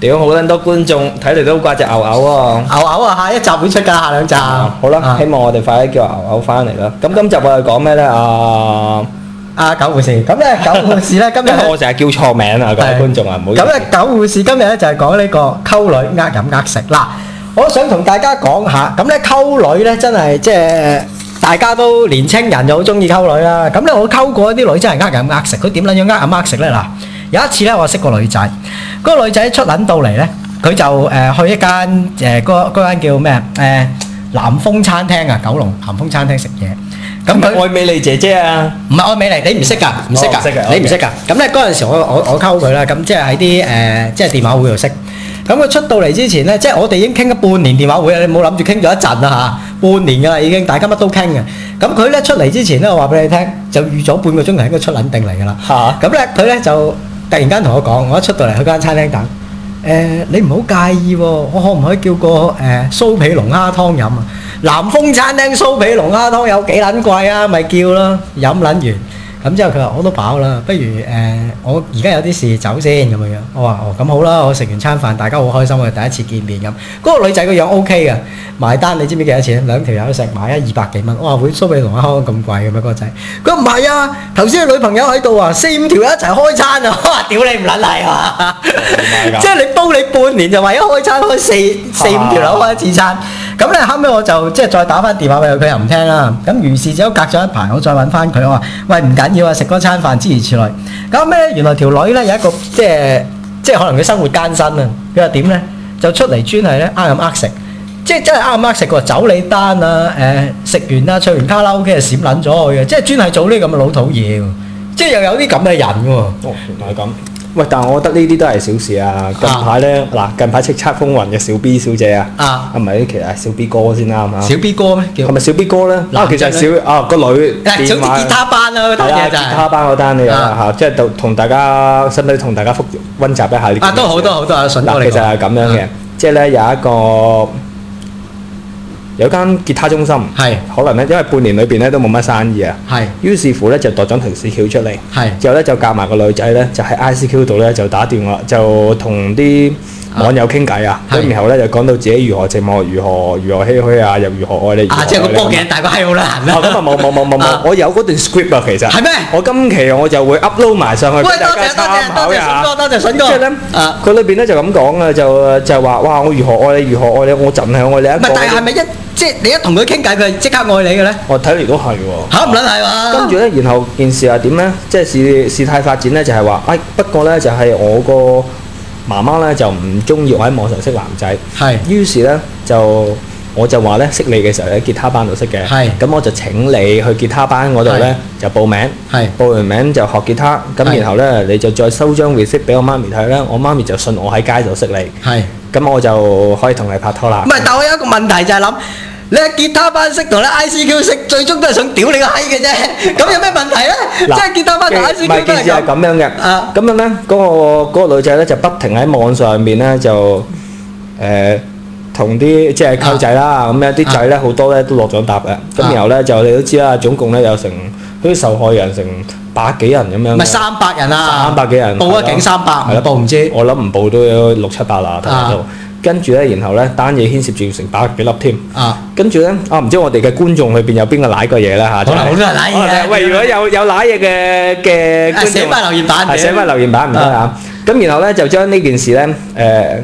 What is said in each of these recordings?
屌，好撚多觀眾睇嚟都掛隻牛牛喎！牛牛啊，下一集會出㗎，下兩集。好啦，希望我哋快啲叫牛牛翻嚟啦。咁今集我哋講咩呢？阿阿九護士，咁呢九護士呢，今日我成日叫錯名啊，各位觀眾啊，唔好意思。咁呢九護士今日呢就係講呢個溝女呃飲呃食啦。我想同大家講下，咁呢溝女呢真係即係大家都年青人就好中意溝女啦。咁呢我溝過啲女真係呃飲呃食，佢點撚樣呃飲呃食呢嗱？有一次呢，我識個女仔。嗰個女仔出撚到嚟咧，佢就誒去一間誒嗰嗰間叫咩誒南風餐廳啊，九龍南風餐廳食嘢。咁佢愛美麗姐姐啊，唔係愛美麗，你唔識㗎，唔識㗎，你唔識㗎。咁咧嗰陣時我我我溝佢啦，咁即係喺啲誒即係電話會度識。咁佢出到嚟之前咧，即係我哋已經傾咗半年電話會啊，你冇諗住傾咗一陣啊嚇，半年㗎啦已經，大家乜都傾嘅。咁佢咧出嚟之前咧，我話俾你聽，就預咗半個鐘頭應該出撚定嚟㗎啦。嚇！咁咧佢咧就。突然間同我講，我一出到嚟去間餐廳等，誒、呃、你唔好介意喎，哦，我可唔可以叫個誒、呃、酥皮龍蝦湯飲啊？南豐餐廳酥皮龍蝦湯有幾撚貴啊？咪叫咯，飲撚完。咁之後佢話我都飽啦，不如誒我而家有啲事走先咁樣樣。我話哦，咁好啦，我食完餐飯，大家好開心，我哋第一次見面咁。嗰個女仔個樣 OK 嘅，埋單你知唔知幾多錢？兩條友一齊買啊，二百幾蚊。我話會蘇同龍康咁貴嘅咩？嗰個仔佢唔係啊，頭先女朋友喺度啊，四五條友一齊開餐啊。我話屌你唔撚係啊，即係你煲你半年就為咗開餐，開四四五條友開一次餐。咁咧後尾我就即係再打翻電話俾佢，佢又唔聽啦。咁於是就隔咗一排，我再揾翻佢我話，喂，唔緊要啊，食嗰餐飯諸如此類。咁咧原來條女咧有一個即係即係可能佢生活艱辛啊。佢話點咧就出嚟專係咧呃飲呃食，即係真係呃飲呃食嘅酒你單啊，誒食完啦，唱完卡拉 OK 係閃撚咗佢嘅，即係專係做呢啲咁嘅老土嘢，即係又有啲咁嘅人喎。哦，原來係咁。喂，但係我覺得呢啲都係小事啊！近排咧，嗱，近排叱咤風雲嘅小 B 小姐啊，係咪？其實係小 B 哥先啦，啱啊！小 B 哥咩？係咪小 B 哥咧？嗱，其實小啊個女小話吉他班啊，咯，吉他班嗰單你有啦嚇，即係同大家，甚至同大家復温習一下啲啊，都好多好多啊！筍哥，其實係咁樣嘅，即係咧有一個。有間結他中心，係是可能咧，因為半年裏邊咧都冇乜生意啊，係是於是乎咧就度咗條橋出嚟，係是之後咧就夾埋個女仔咧就喺 ICQ 度咧就打電話，就同啲。網友傾偈啊，咁然後咧就講到自己如何寂寞，如何如何唏噓啊，又如何愛你。啊，即係個波鏡大個閪好難啦。咁啊冇冇冇冇冇，我有嗰段 script 啊，其實。係咩？我今期我就會 upload 埋上去。喂，多謝多謝多謝，迅哥多謝迅哥。即係咧，啊，佢裏邊咧就咁講啊，就就話哇，我如何愛你，如何愛你，我淨係愛你一個。唔係，但係係咪一即係你一同佢傾偈，佢即刻愛你嘅咧？我睇嚟都係喎。嚇唔撚係喎。跟住咧，然後件事係點咧？即係事事態發展咧，就係話誒，不過咧就係我個。媽媽咧就唔中意我喺網上識男仔，係，於是咧就。我就話咧識你嘅時候喺吉他班度識嘅，咁我就請你去吉他班嗰度咧就報名，報完名就學吉他，咁然後咧你就再收張你吉他班識同啲 ICQ 識，最終都係想屌你個閪嘅啫。咁有咩問題即嗱，吉他班同 ICQ 都係咁。唔係件事係咁樣嘅。啊，咁樣咧，嗰個嗰個女仔咧就不停喺網上面咧就誒同啲即係溝仔啦。咁有啲仔咧好多咧都落咗答嘅。咁然後咧就你都知啦，總共咧有成好似受害人成百幾人咁樣。唔係三百人啊！三百幾人報咗警三百，係啦，報唔知。我諗唔報都有六七百啦，睇下都。跟住呢，然後呢單嘢牽涉住成百幾粒添，啊。啊！跟住呢，啊唔知我哋嘅觀眾裏邊有邊個瀨過嘢咧吓，可能好多瀨嘢。喂，如果有有瀨嘢嘅嘅觀眾，啊，寫返留言板，是寫返留言板唔該嚇。咁，啊啊、然後呢，就將呢件事呢。誒、呃。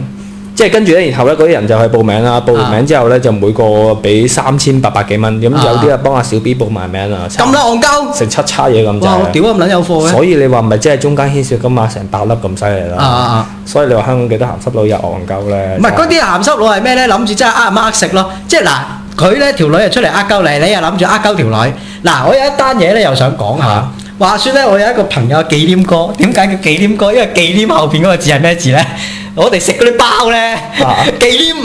即係跟住咧，然後咧嗰啲人就去報名啦。報完名之後咧，就每個俾三千八百幾蚊。咁有啲啊幫阿小 B 報埋名啊，咁戇鳩，成七叉嘢咁滯。我屌咁撚有貨。所以你話唔係即係中間牽涉金馬成百粒咁犀利啦。所以你話香港幾多鹹濕佬又戇鳩咧？唔係嗰啲鹹濕佬係咩咧？諗住即係呃飲呃食咯。即係嗱佢咧條女又出嚟呃鳩你，你又諗住呃鳩條女嗱。我有一單嘢咧又想講下。話說呢，我有一個朋友叫忌廉哥，點解叫忌廉哥？因為忌廉後面嗰個字係咩字呢？我哋食嗰啲包呢？忌廉！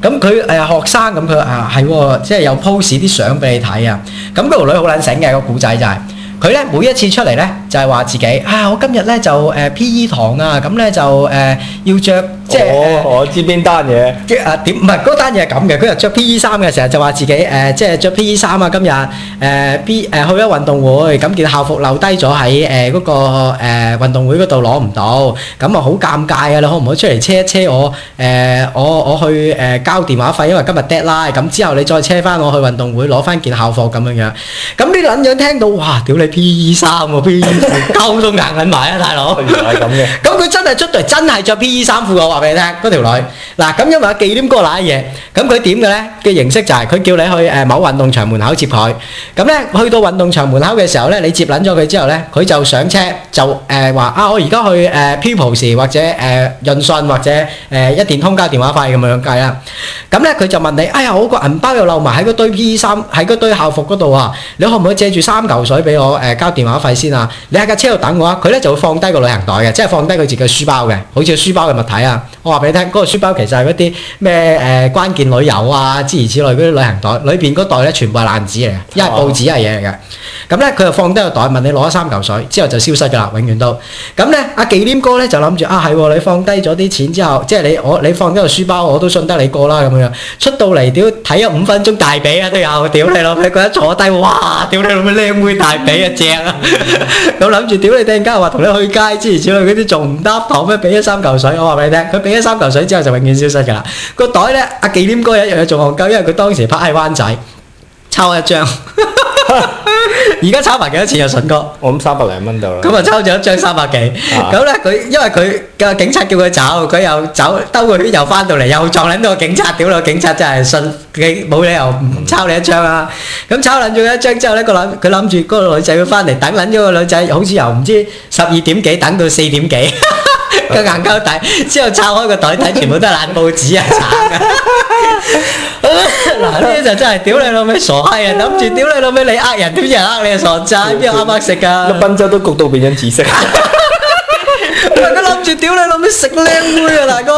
咁佢係學生，咁佢話啊，係喎，即係有 post 啲相俾你睇啊！咁嗰條女好撚醒嘅，個故仔就係佢咧，每一次出嚟咧就係、是、話自己啊，我今日咧就誒 P.E. 堂啊，咁咧就誒要著。即係我我知邊單嘢，即係啊點唔係嗰單嘢係咁嘅，佢又著 P.E. 衫嘅，成日就話自己誒即係著 P.E. 衫啊，今日誒 P 誒去咗運動會，咁件校服漏低咗喺誒嗰個誒運動會嗰度攞唔到，咁啊好尷尬啊！你可唔可以出嚟車一車我？誒我我去誒交電話費，因為今日 deadline，咁之後你再車翻我去運動會攞翻件校服咁樣樣。咁啲撚樣聽到，哇！屌你 P.E. 衫啊，P.E. 交都硬緊埋啊，大佬。原來係咁嘅。咁佢真係出到嚟真係著 P.E. 衫褲嘅話。俾你聽嗰條女嗱咁，因為我忌廉哥那嘢咁，佢點嘅咧嘅形式就係佢叫你去誒某運動場門口接佢咁咧。去到運動場門口嘅時候咧，你接撚咗佢之後咧，佢就上車就誒話啊，我而家去誒 Pipos 或者誒潤訊或者誒一電通交電話費咁樣計啊。咁咧佢就問你：哎呀，我個銀包又漏埋喺嗰堆 P.E. 衫喺嗰堆校服嗰度啊！你可唔可以借住三嚿水俾我誒交電話費先啊？你喺架車度等我啊！佢咧就會放低個旅行袋嘅，即係放低佢自己書包嘅，好似書包嘅物體啊。我話俾你聽，嗰個書包其實係嗰啲咩誒關鍵旅遊啊，諸如此類嗰啲旅行袋，裏邊嗰袋咧全部係爛紙嚟嘅，一係報紙，一係嘢嚟嘅。咁咧佢就放低個袋，問你攞咗三嚿水，之後就消失㗎啦，永遠都。咁咧阿忌廉哥咧就諗住啊係，你放低咗啲錢之後，即係你我你放低個書包，我都信得你過啦咁樣。出到嚟屌睇咗五分鐘大髀啊都有，屌你老味，佢覺得坐低哇，屌你老味靚妹大髀啊正啊，咁諗住屌你突然間話同你去街諸如此類嗰啲仲唔得，當咩俾咗三嚿水？我話俾你聽。佢俾咗三嚿水之後就永遠消失㗎啦。個袋咧，阿忌廉哥一樣嘢仲憨鳩，因為佢當時拍喺灣仔，抽一張。而家抽埋幾多錢啊？順哥，我諗三百零蚊到啦。咁啊，抽咗一張三百幾。咁咧，佢因為佢個警察叫佢走，佢又走，兜個圈又翻到嚟，又撞撚到個警察，屌你！警察真係順，佢冇理由唔抽你一張啊。咁抽撚咗一張之後咧，個諗佢諗住嗰個女仔會翻嚟等撚咗個女仔，好似又唔知十二點幾等到四點幾。個硬膠底之後拆開個袋睇，全部都係爛報紙 啊！慘嗱，呢就真係屌你老味傻閪啊！諗住屌你老味你呃人，邊有人呃你傻仔？邊有啱啱食噶？個賓州都焗到變咗紫色。 我諗住屌你諗啲食靚妹啊，大哥！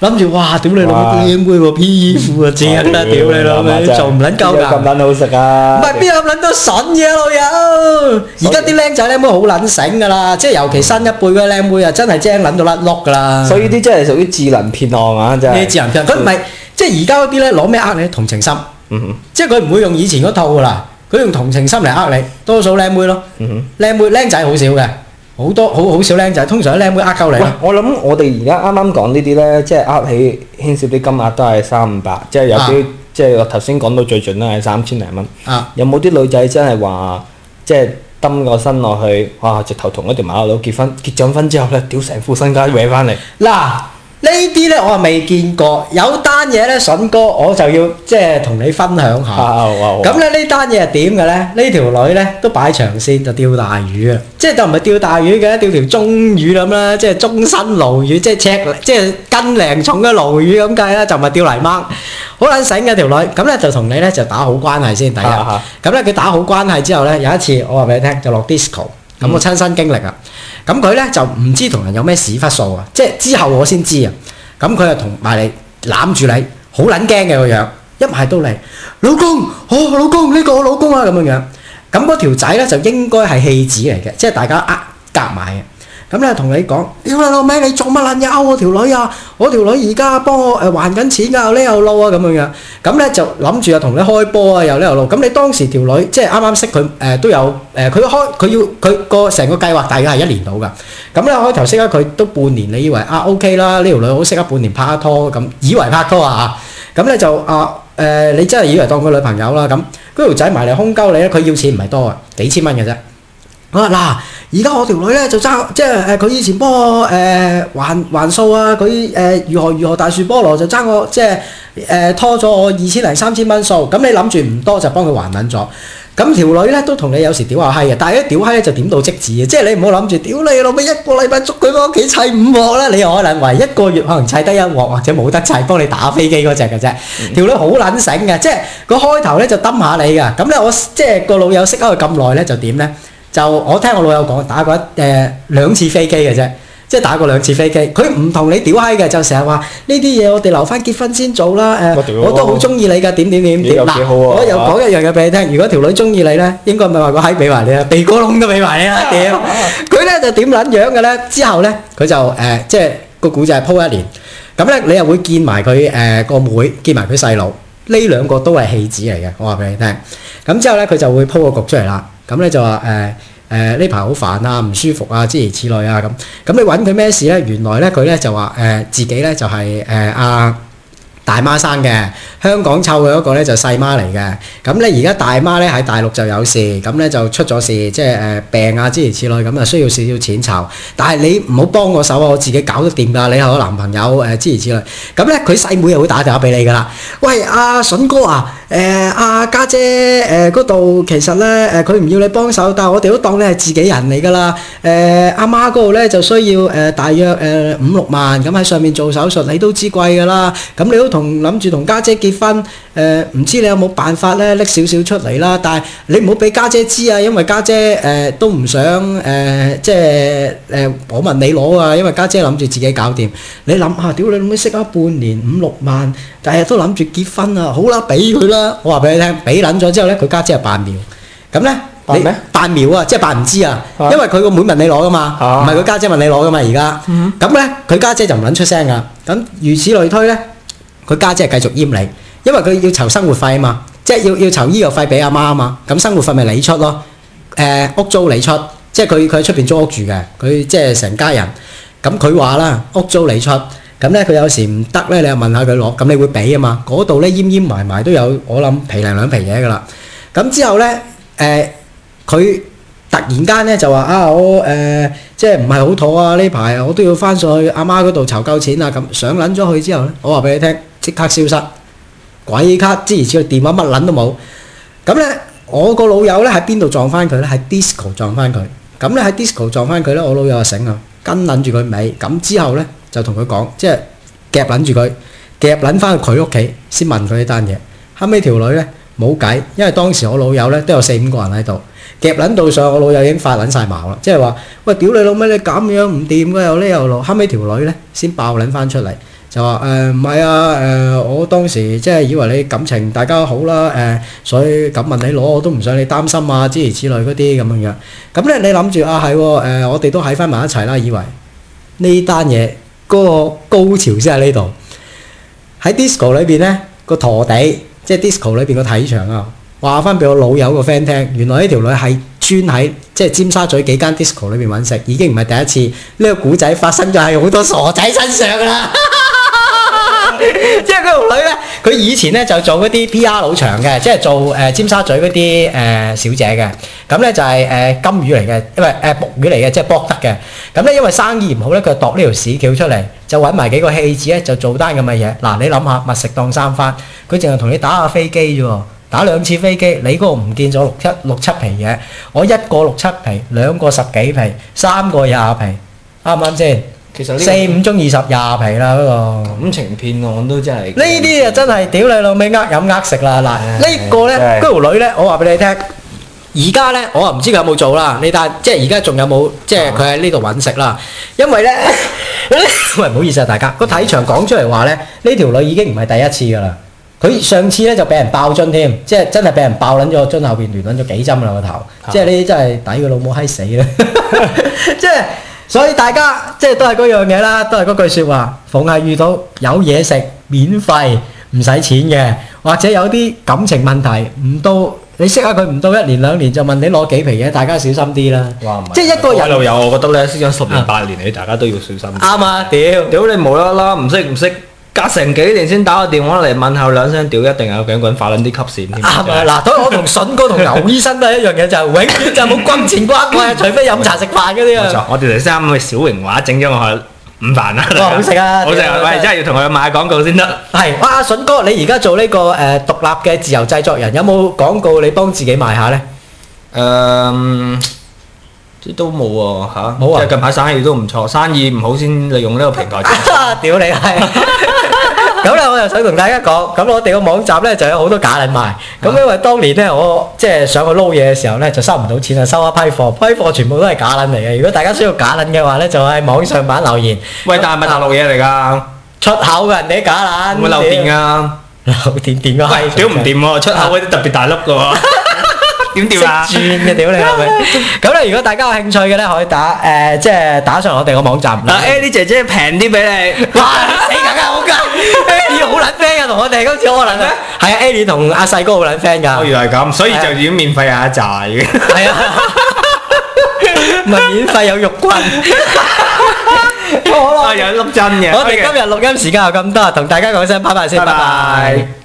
諗住哇，屌你諗啲靚妹喎，P 衣服啊，正啦！屌你老味，做唔捻夠噶？咁撚好食啊！唔係邊有諗到筍嘢啊，老友！而家啲僆仔僆妹好捻醒噶啦，即係尤其新一輩嗰啲僆妹啊，真係精捻到甩碌 o c 噶啦。所以啲真係屬於智能騙案啊，真係。智能騙佢唔係，即係而家嗰啲咧攞咩呃你？同情心，嗯哼，即係佢唔會用以前嗰套噶啦，佢用同情心嚟呃你，多數僆妹咯，嗯哼，僆妹僆仔好少嘅。好多好好少靚仔，通常靚妹呃鳩你。喂，我諗我哋而家啱啱講呢啲咧，即係呃起牽涉啲金額都係三五百，即係有啲、啊、即係我頭先講到最盡啦，係三千零蚊。啊有有，有冇啲女仔真係話即係抌個身落去，哇！直頭同一條馬騮佬結婚結咗婚之後咧，屌成副身家搲翻嚟嗱。啊呢啲咧我啊未見過，有單嘢咧，筍哥我就要即係同你分享下。咁咧、啊啊啊、呢單嘢係點嘅咧？呢條女咧都擺長線就釣大魚啊！即係就唔係釣大魚嘅，釣條中魚咁啦，即係中身鱸魚，即係赤，即係斤零重嘅鱸魚咁計啦，就唔係釣泥鯭。好撚醒嘅條女，咁咧就同你咧就打好關係先。第一，咁咧佢打好關係之後咧，有一次我話俾你聽，就落 disco。咁我親身經歷啊！咁佢咧就唔知同人有咩屎忽數啊！即係之後我先知啊！咁佢就同埋你攬住你，好撚驚嘅個樣，一埋到嚟老公好、哦、老公呢、呢個我老公啊咁樣樣。咁嗰條仔咧就應該係戲子嚟嘅，即係大家呃夾埋嘅。咁咧同你講，屌你老味，你做乜撚嘢勾我條女啊？我條女而家幫我誒還緊錢㗎，啊，又呢又路啊咁樣。咁咧就諗住啊同你開波啊，又呢又路。咁你當時條女即係啱啱識佢誒，呃、都有誒，佢、呃、開佢要佢個成個計劃大概係一年到㗎。咁咧開頭識啊佢都半年，你以為啊 OK 啦，呢條女好識啊，okay，識半年拍拖咁，以為拍拖啊。咁咧就啊誒、呃，你真係以為當佢女朋友啦。咁嗰條仔埋嚟空鳩你咧，佢要錢唔係多啊，幾千蚊嘅啫。我話嗱，而家我條女咧就爭即係誒，佢以前幫我誒、呃、還還數啊，佢誒如何如何大樹菠蘿就爭我即係誒、呃、拖咗我二千零三千蚊數。咁你諗住唔多，就幫佢還撚咗。咁條女咧都同你有時屌下閪啊，但係一屌閪咧就點到即止嘅，即係你唔好諗住屌你老母一個禮拜捉佢翻屋企砌五鑊啦。你又可能為一個月可能砌得一鑊或者冇得砌，幫你打飛機嗰隻嘅啫。條女好撚醒嘅，即係個開頭咧就揼下你㗎。咁咧我即係個老友識咗佢咁耐咧，就點咧？就我聽我老友講，打過一誒兩次飛機嘅啫，即係打過兩次飛機。佢唔同你屌閪嘅，就成日話呢啲嘢，我哋留翻結婚先做啦。誒，我都好中意你㗎，點點點點幾好啊，我又講一樣嘢俾你聽。如果條女中意你咧，應該唔係話個閪俾埋你啊，鼻哥窿都俾埋你啊，屌！佢咧就點撚樣嘅咧？之後咧佢就誒，即係個古仔係鋪一年。咁咧你又會見埋佢誒個妹，見埋佢細佬。呢兩個都係戲子嚟嘅，我話俾你聽。咁之後咧佢就會鋪個局出嚟啦。咁咧就話誒誒呢排好煩啊，唔舒服啊，諸如此類啊咁。咁你揾佢咩事咧？原來咧佢咧就話誒、呃、自己咧就係誒阿、呃啊大媽生嘅，香港湊嘅嗰個咧就細、是、媽嚟嘅。咁咧而家大媽咧喺大陸就有事，咁咧就出咗事，即係誒、呃、病啊之如此類，咁啊需要少少錢湊。但係你唔好幫我手啊，我自己搞得掂㗎。你係我男朋友誒、呃、之如此類。咁咧佢細妹又會打電話俾你㗎啦。喂，阿、啊、筍哥啊，誒阿家姐誒嗰度其實咧誒佢唔要你幫手，但係我哋都當你係自己人嚟㗎啦。誒、呃、阿、啊、媽嗰度咧就需要誒、呃、大約誒、呃、五六萬咁喺上面做手術，你都知貴㗎啦。咁你都同諗住同家姐結婚，誒、呃、唔知你有冇辦法咧拎少少出嚟啦？但係你唔好俾家姐知啊，因為家姐誒、呃、都唔想誒、呃，即係誒、呃、我問你攞啊，因為家姐諗住自己搞掂。你諗下、啊、屌你老母，識咗半年五六萬，但係都諗住結婚啊！好啦，俾佢啦，我話俾你聽，俾撚咗之後咧，佢家姐就扮苗。咁咧你咩？扮苗啊！即係扮唔知啊，因為佢個妹問你攞噶嘛，唔係佢家姐問你攞噶嘛，而家。咁咧、啊，佢家姐，姐就唔撚出聲噶。咁如此類推咧。呢佢家姐繼續閹你，因為佢要籌生活費啊嘛，即係要要籌醫藥費俾阿媽啊嘛，咁生活費咪你出咯？誒、呃、屋租你出，即係佢佢喺出邊租屋住嘅，佢即係成家人。咁佢話啦，屋租你出，咁咧佢有時唔得咧，你又問下佢攞，咁你會俾啊嘛？嗰度咧閹閹埋埋都有，我諗皮零兩,兩皮嘢噶啦。咁之後咧，誒、呃、佢突然間咧就話啊，我誒、呃、即係唔係好妥啊？呢排我都要翻上去阿媽嗰度籌夠錢啊！咁上撚咗佢之後咧，我話俾你聽。即刻消失，鬼卡之前似個電話乜撚都冇。咁咧，我個老友咧喺邊度撞翻佢咧？喺 disco 撞翻佢。咁咧喺 disco 撞翻佢咧，我老友就醒啊，跟撚住佢尾。咁之後咧就同佢講，即係夾撚住佢，夾撚翻佢屋企先問佢呢單嘢。後尾條女咧冇計，因為當時我老友咧都有四五個人喺度，夾撚到上我老友已經發撚晒矛啦。即係話喂，屌你老味，你咁樣唔掂㗎又呢又落。後尾條女咧先爆撚翻出嚟。就話誒唔係啊誒、呃，我當時即係以為你感情大家好啦誒、呃，所以咁問你攞我都唔想你擔心啊，諸如此類嗰啲咁樣樣。咁咧你諗住啊係誒、啊呃，我哋都喺翻埋一齊啦。以為呢單嘢嗰個高潮先喺呢度，喺 disco 裏邊咧個陀地，即、就、係、是、disco 裏邊個睇場啊。話翻俾我老友個 friend 聽，原來呢條女係專喺即係尖沙咀幾間 disco 裏邊揾食，已經唔係第一次呢、呢個古仔發生咗喺好多傻仔身上啦。 即係佢條女咧，佢以前咧就做嗰啲 PR 老長嘅，即係做誒尖沙咀嗰啲誒小姐嘅，咁咧就係、是、誒、呃、金魚嚟嘅，因為誒、呃、木魚嚟嘅，即係搏得嘅。咁咧因為生意唔好咧，佢度呢條屎橋出嚟，就搵埋幾個戲子咧就做單咁嘅嘢。嗱，你諗下密食當三番，佢淨係同你打下飛機啫，打兩次飛機，你嗰個唔見咗六七六七皮嘢，我一個六七皮，兩個十幾皮，三個廿皮，啱唔啱先？其實四五鐘二十廿皮啦嗰個，感情騙案我都真係。呢啲啊真係屌你老味呃飲呃食啦！嗱呢個咧，嗰條女咧，我話俾你聽，而家咧我啊唔知佢有冇做啦。呢單即係而家仲有冇即係佢喺呢度揾食啦？因為咧，喂，唔好意思啊大家，個體場講出嚟話咧，呢條女已經唔係第一次㗎啦。佢上次咧就俾人爆樽添，即係真係俾人爆撚咗樽後邊亂撚咗幾針啦個頭，即係呢真係抵佢老母閪死啦！即係。所以大家即係都係嗰樣嘢啦，都係嗰句説話。逢係遇到有嘢食，免費唔使錢嘅，或者有啲感情問題，唔到你識下佢，唔到一年兩年，就問你攞幾皮嘢，大家小心啲啦。哇，即係一個人路有我，我覺得咧，識咗十年八年、啊、你，大家都要小心啲。啱啊！屌屌你無啦啦唔識唔識。隔成幾年先打個電話嚟問候兩聲，屌一定有細菌發撚啲吸線。啱啊，嗱，所以我同筍哥同牛醫生都係一樣嘢，就永遠就冇金錢關係，除非飲茶食飯嗰啲啊。冇錯，我條條衫咪小榮華整咗我午飯啦。哇，好食啊！好食啊！喂，真係要同佢買廣告先得。係，哇，筍哥，你而家做呢個誒獨立嘅自由製作人，有冇廣告你幫自己賣下咧？誒，都冇喎，吓，即係近排生意都唔錯，生意唔好先利用呢個平台。啊，屌你係。咁咧，我又想同大家講，咁我哋個網站咧就有好多假捻賣。咁因為當年咧，我即係上去撈嘢嘅時候咧，就收唔到錢啊，收一批貨，批貨全部都係假捻嚟嘅。如果大家需要假捻嘅話咧，就喺網上版留言。喂，但係咪大陸嘢嚟噶？出口嘅人哋啲假捻。會漏電噶？漏電點噶？屌唔掂喎，出口啲特別大粒噶。點掉啦！掉轉嘅屌你老味！咁咧，如果大家有興趣嘅咧，可以打誒，即係打上我哋個網站。阿 Eddie 姐姐平啲俾你，死梗啊！我梗，Eddie 好撚 friend 噶，同我哋嗰次可能咧，係啊，Eddie 同阿細哥好撚 friend 噶。我以為係咁，所以就已經免費有一集嘅。係啊，唔免費有肉骨，我我有粒針嘅。我哋今日錄音時間又咁多，同大家講聲，拜拜先，拜拜。